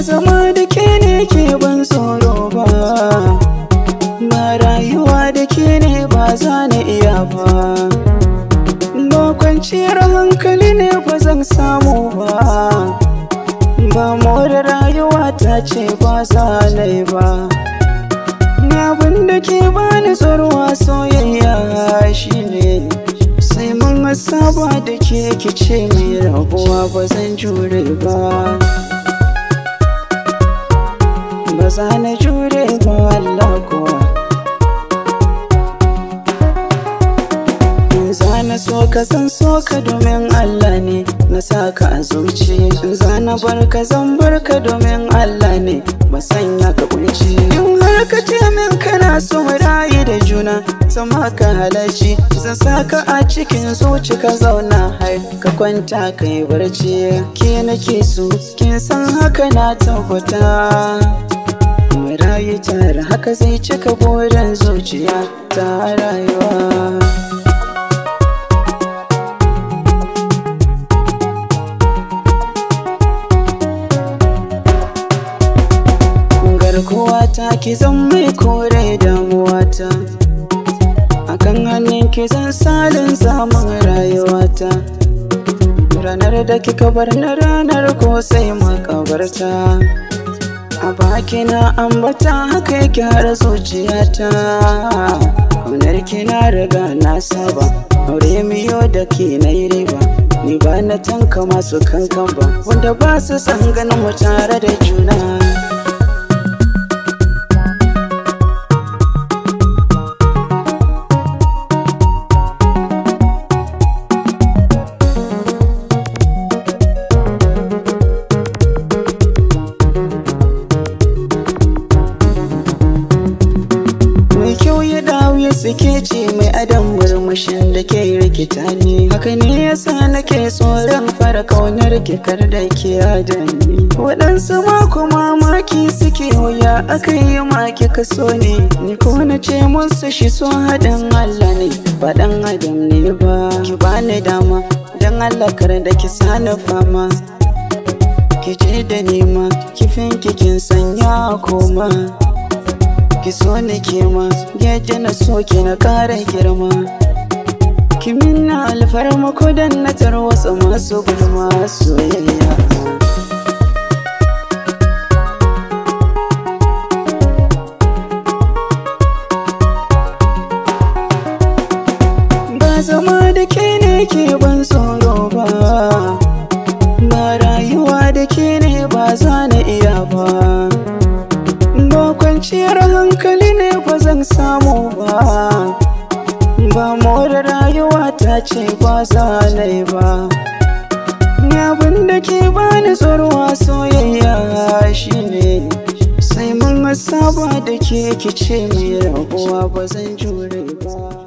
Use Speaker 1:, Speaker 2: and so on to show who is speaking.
Speaker 1: zama da ke ne ke ban tsoro ba ba rayuwa da ke ne ba za na iya ba ba kwanciyar hankali ne ba zan samu ba ba more rayuwa ta ce ba za na yi ba abin da ke bani tsoro soyayya shine sai mun masaba da ke kice mai rabuwa ba zan jure ba na so ka san so domin Allah ne na sa ka a zuci zana barka zan barka domin Allah ne ba sanya ka kunci in har ka ce min kana so mu rayu da juna zan ka halarci zan sa ka a cikin zuci ka zauna har ka kwanta ka yi barci ke nake so kin san haka na tabbata mu rayu tare haka zai cika burin zuciya ta rayuwa ki zan mai kore damuwata kan hannun ki zan salin samun rayuwata ranar da kika bar na ranar ko sai makabarta a baki na ambata haka ya gyara zuciyata Kaunar kina riga na saba aure miyo da ke na yi riba ni ba na tanka masu kankan ba wanda ba su san ganin mu tare da juna da ke rikita ni haka ne yasa nake tsoron fara kaunar ki da ke adani waɗansu ma kuma maki suke wuya aka yi maki kaso ne ni ko na ce musu shi so haɗin Allah ne ba ɗan adam ne ba ki bani dama don Allah kar da ki sani fama ki ce da nema kifin kikin sanya koma ki so ni ke ma na so ki na ƙara girma kimin na alfarma ko dan na tarwasa masu gulma soyayya Ba zama da ke ne ke ban tsoro ba ba rayuwa da ke ne ba za na iya ba ba kwanciyar hankali ne ba zan samu ba ba morara ta ce ba za lai ba ni abin da ke bani tsorwa soyayya shi ne sai mun masaba da ke kice mai rabuwa ba zan jure ba